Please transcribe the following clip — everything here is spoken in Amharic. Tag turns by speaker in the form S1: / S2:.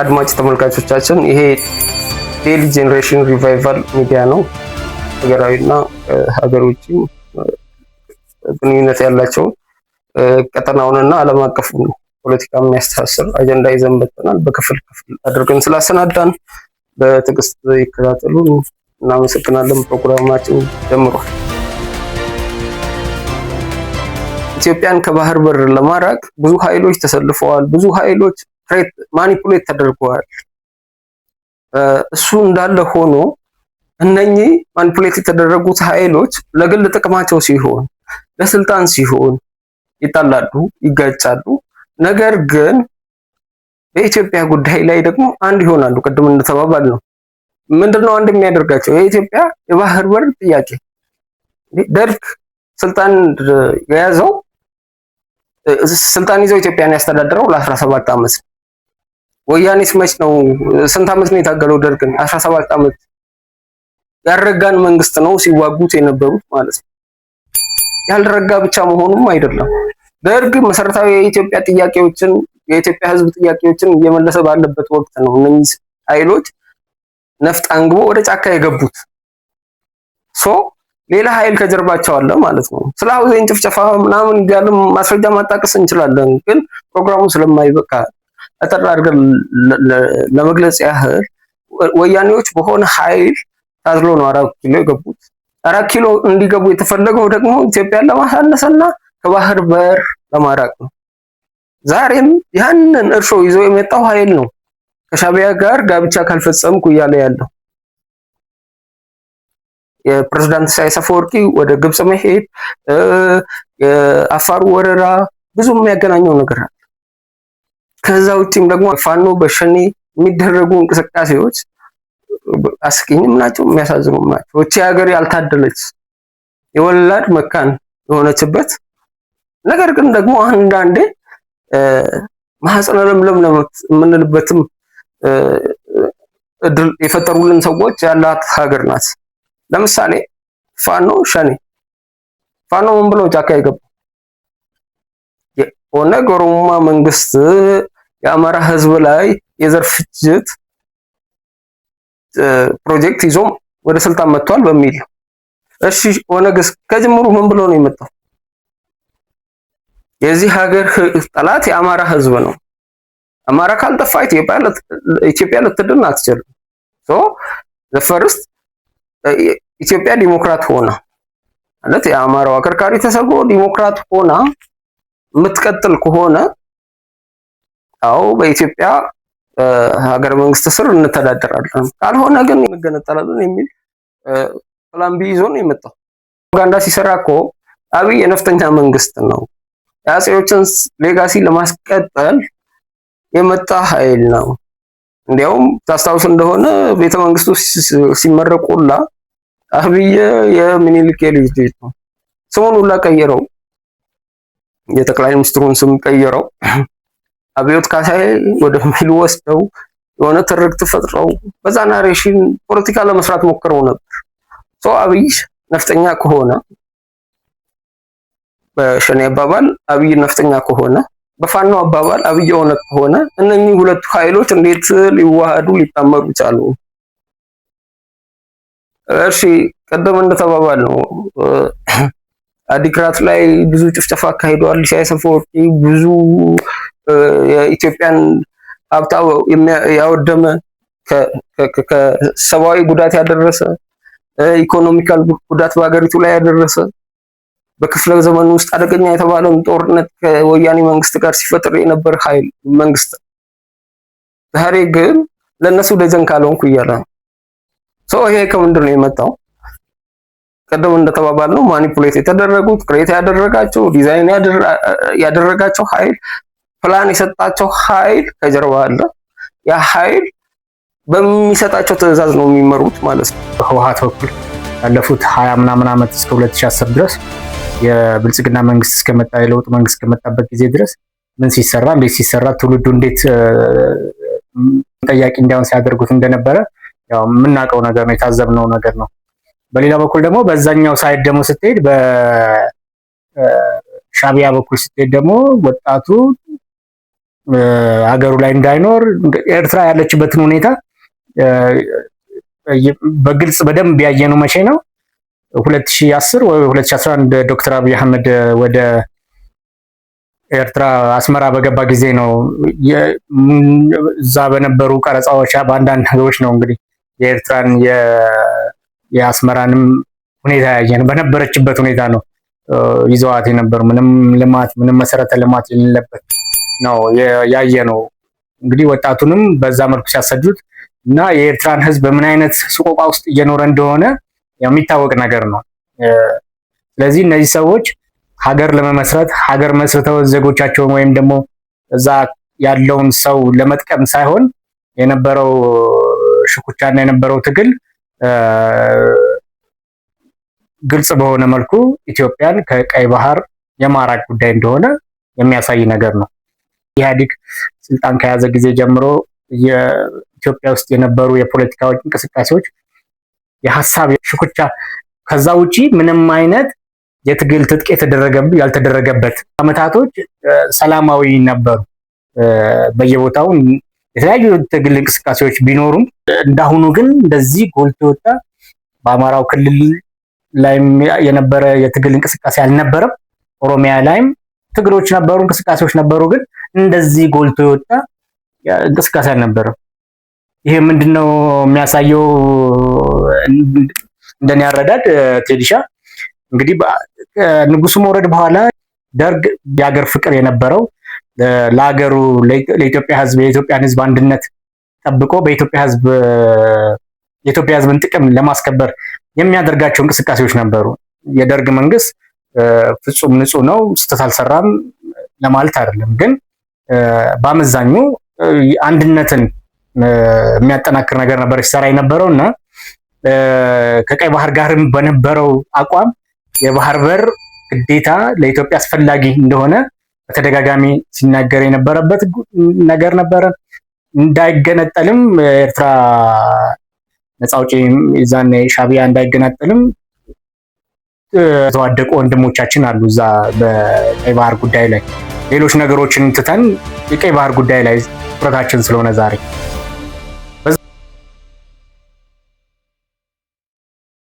S1: አድማጭ ተመልካቾቻችን ይሄ ዴሊ ጄኔሬሽን ሪቫይቫል ሚዲያ ነው። ሀገራዊና ሀገር ውጭ ግንኙነት ያላቸውን ቀጠናውንና ዓለም አቀፉን ፖለቲካ የሚያስተሳስር አጀንዳ ይዘን መጥተናል። በክፍል ክፍል አድርገን ስላሰናዳን በትዕግስት ይከታተሉን። እናመሰግናለን። ፕሮግራማችን ጀምሯል። ኢትዮጵያን ከባህር በር ለማራቅ ብዙ ኃይሎች ተሰልፈዋል። ብዙ ኃይሎች ማኒፑሌት ተደርገዋል። እሱ እንዳለ ሆኖ እነኚህ ማኒፑሌት የተደረጉት ኃይሎች ለግል ጥቅማቸው ሲሆን፣ ለስልጣን ሲሆን ይጣላሉ፣ ይጋጫሉ። ነገር ግን በኢትዮጵያ ጉዳይ ላይ ደግሞ አንድ ይሆናሉ። ቅድም እንደተባባል ነው። ምንድነው አንድ የሚያደርጋቸው? የኢትዮጵያ የባህር በር ጥያቄ ደርግ ስልጣን የያዘው ስልጣን ይዘው ኢትዮጵያን ያስተዳድረው ለ17 ዓመት ነው። ወያኔስ መች ነው? ስንት ዓመት ነው የታገለው ደርግን? 17 ዓመት ያልረጋን መንግስት ነው ሲዋጉት የነበሩት ማለት ነው። ያልረጋ ብቻ መሆኑም አይደለም። ደርግ መሰረታዊ የኢትዮጵያ ጥያቄዎችን የኢትዮጵያ ህዝብ ጥያቄዎችን እየመለሰ ባለበት ወቅት ነው እነዚህ ኃይሎች ነፍጥ አንግቦ ወደ ጫካ የገቡት። ሶ ሌላ ኃይል ከጀርባቸው አለ ማለት ነው። ስለ ሀውዜን ጭፍጨፋ ምናምን እያልን ማስረጃ ማጣቀስ እንችላለን፣ ግን ፕሮግራሙ ስለማይበቃ አጠር አድርገን ለመግለጽ ያህል ወያኔዎች በሆነ ኃይል ታዝሎ ነው አራት ኪሎ የገቡት። አራት ኪሎ እንዲገቡ የተፈለገው ደግሞ ኢትዮጵያን ለማሳነስና ከባህር በር ለማራቅ ነው። ዛሬም ያንን እርሾ ይዞ የመጣው ኃይል ነው ከሻቢያ ጋር ጋብቻ ካልፈጸምኩ እያለ ያለው። የፕሬዝዳንት ኢሳያስ አፈወርቂ ወደ ግብጽ መሄድ፣ የአፋሩ ወረራ ብዙ የሚያገናኘው ነገር አለ። ከዛ ውጭም ደግሞ ፋኖ በሸኔ የሚደረጉ እንቅስቃሴዎች አስቂኝም ናቸው፣ የሚያሳዝኑም ናቸው። እቺ ሀገር ያልታደለች የወላድ መካን የሆነችበት ነገር ግን ደግሞ አንዳንዴ ማህፀነ ለምለም የምንልበትም እድል የፈጠሩልን ሰዎች ያላት ሀገር ናት። ለምሳሌ ፋኖ ሸኔ ፋኖ ምን ብለው ጫካ የገባ ኦነግ ኦሮሞማ መንግስት የአማራ ህዝብ ላይ የዘር ፍጅት ፕሮጀክት ይዞ ወደ ስልጣን መጥቷል በሚል እሺ፣ ኦነግስ ከጅምሩ ምን ብሎ ነው የመጣው? የዚህ ሀገር ጠላት የአማራ ህዝብ ነው። አማራ ካልጠፋ ኢትዮጵያ ልትድን አትችልም። ሶ ፈርስት ኢትዮጵያ ዲሞክራት ሆና ማለት የአማራው አከርካሪ ተሰጎ ዲሞክራት ሆና የምትቀጥል ከሆነ አዎ በኢትዮጵያ ሀገረ መንግስት ስር እንተዳደራለን፣ ካልሆነ ግን እንገነጠላለን የሚል ፕላን ቢ ይዞ ነው የመጣው። ኡጋንዳ ሲሰራ እኮ አብይ የነፍጠኛ መንግስት ነው። የአጼዎችን ሌጋሲ ለማስቀጠል የመጣ ኃይል ነው። እንዲያውም ታስታውስ እንደሆነ ቤተ መንግስቱ ሲመረቁላ አብይ የሚኒሊክ ልጅ ነው። ስሙን ሁላ ቀየረው፣ የጠቅላይ ሚኒስትሩን ስም ቀየረው። አብዮት ካሳዬ ወደሚል ወስደው የሆነ ትርክት ፈጥረው በዛ ናሬሽን ፖለቲካ ለመስራት ሞክረው ነበር። ሰው አብይ ነፍጠኛ ከሆነ በሸኔ አባባል አብይ ነፍጠኛ ከሆነ በፋኖ አባባል አብይ ኦነግ ከሆነ እነኚህ ሁለቱ ኃይሎች እንዴት ሊዋሃዱ ሊጣመሩ ቻሉ? እሺ ቀደም እንደተባባል ነው አዲግራት ላይ ብዙ ጭፍጨፋ አካሂደዋል። ሲያይ ሰፈወርቂ ብዙ የኢትዮጵያን ሀብታ ያወደመ ከሰብአዊ ጉዳት ያደረሰ ኢኮኖሚካል ጉዳት በሀገሪቱ ላይ ያደረሰ በክፍለ ዘመኑ ውስጥ አደገኛ የተባለውን ጦርነት ከወያኔ መንግስት ጋር ሲፈጥር የነበረ ኃይል መንግስት ዛሬ ግን ለእነሱ ደጀን ካልሆንኩ እያለ ሰው ይሄ ከምንድን ነው የመጣው? ቀደም እንደተባባል ነው ማኒፑሌት የተደረጉት ክሬት ያደረጋቸው ዲዛይን ያደረጋቸው ኃይል ፕላን የሰጣቸው ኃይል ከጀርባ አለ። ያ ኃይል በሚሰጣቸው ትዕዛዝ ነው የሚመሩት ማለት ነው። በህወሓት በኩል ያለፉት ሀያ ምናምን ዓመት እስከ 2010 ድረስ የብልጽግና መንግስት እስከመጣ የለውጥ መንግስት እስከመጣበት ጊዜ ድረስ ምን ሲሰራ እንዴት ሲሰራ ትውልዱ እንዴት ጠያቂ እንዲሆን ሲያደርጉት እንደነበረ ያው የምናውቀው ነገር ነው፣ የታዘብነው ነገር ነው። በሌላ በኩል ደግሞ በዛኛው ሳይድ ደግሞ ስትሄድ በሻቢያ በኩል ስትሄድ ደግሞ ወጣቱ አገሩ ላይ እንዳይኖር ኤርትራ ያለችበትን ሁኔታ በግልጽ በደንብ ያየነው መቼ ነው? 2010 ወይ 2011 ዶክተር አብይ አህመድ ወደ ኤርትራ አስመራ በገባ ጊዜ ነው። እዛ በነበሩ ቀረጻዎች በአንዳንድ ነገሮች ነው እንግዲህ የኤርትራን የአስመራንም ሁኔታ ያየነው በነበረችበት ሁኔታ ነው ይዘዋት የነበሩ ምንም ልማት ምንም መሰረተ ልማት የሌለበት ነው ያየ ነው። እንግዲህ ወጣቱንም በዛ መልኩ ሲያሰዱት እና የኤርትራን ህዝብ በምን አይነት ሰቆቃ ውስጥ እየኖረ እንደሆነ የሚታወቅ ነገር ነው። ስለዚህ እነዚህ ሰዎች ሀገር ለመመስረት ሀገር መስርተው ዜጎቻቸውን ወይም ደግሞ እዛ ያለውን ሰው ለመጥቀም ሳይሆን የነበረው ሽኩቻና የነበረው ትግል ግልጽ በሆነ መልኩ ኢትዮጵያን ከቀይ ባህር የማራቅ ጉዳይ እንደሆነ የሚያሳይ ነገር ነው። ኢህአዴግ ስልጣን ከያዘ ጊዜ ጀምሮ የኢትዮጵያ ውስጥ የነበሩ የፖለቲካ እንቅስቃሴዎች የሀሳብ ሽኩቻ ከዛ ውጪ ምንም አይነት የትግል ትጥቅ ያልተደረገበት አመታቶች ሰላማዊ ነበሩ። በየቦታው የተለያዩ ትግል እንቅስቃሴዎች ቢኖሩም እንዳሁኑ ግን እንደዚህ ጎልቶ ወጣ። በአማራው ክልል ላይም የነበረ የትግል እንቅስቃሴ አልነበረም። ኦሮሚያ ላይም ትግሎች ነበሩ፣ እንቅስቃሴዎች ነበሩ ግን እንደዚህ ጎልቶ የወጣ እንቅስቃሴ አልነበረም። ይሄ ምንድነው የሚያሳየው? እንደኔ ያረዳድ ቴዲሻ እንግዲህ ንጉሱ መውረድ በኋላ ደርግ የሀገር ፍቅር የነበረው ለሀገሩ ለኢትዮጵያ ሕዝብ የኢትዮጵያን ሕዝብ አንድነት ጠብቆ በኢትዮጵያ ሕዝብ የኢትዮጵያ ሕዝብን ጥቅም ለማስከበር የሚያደርጋቸው እንቅስቃሴዎች ነበሩ። የደርግ መንግስት ፍጹም ንጹህ ነው፣ ስህተት አልሰራም ለማለት አይደለም ግን በአመዛኙ አንድነትን የሚያጠናክር ነገር ነበር ሲሰራ የነበረው እና ከቀይ ባህር ጋርም በነበረው አቋም የባህር በር ግዴታ ለኢትዮጵያ አስፈላጊ እንደሆነ በተደጋጋሚ ሲናገር የነበረበት ነገር ነበረ። እንዳይገነጠልም ኤርትራ ነፃ አውጪ ዛኔ ሻቢያ እንዳይገነጠልም የተዋደቁ ወንድሞቻችን አሉ እዛ በቀይ ባህር ጉዳይ ላይ ሌሎች ነገሮችን ትተን የቀይ ባህር ጉዳይ ላይ ትኩረታችን ስለሆነ ዛሬ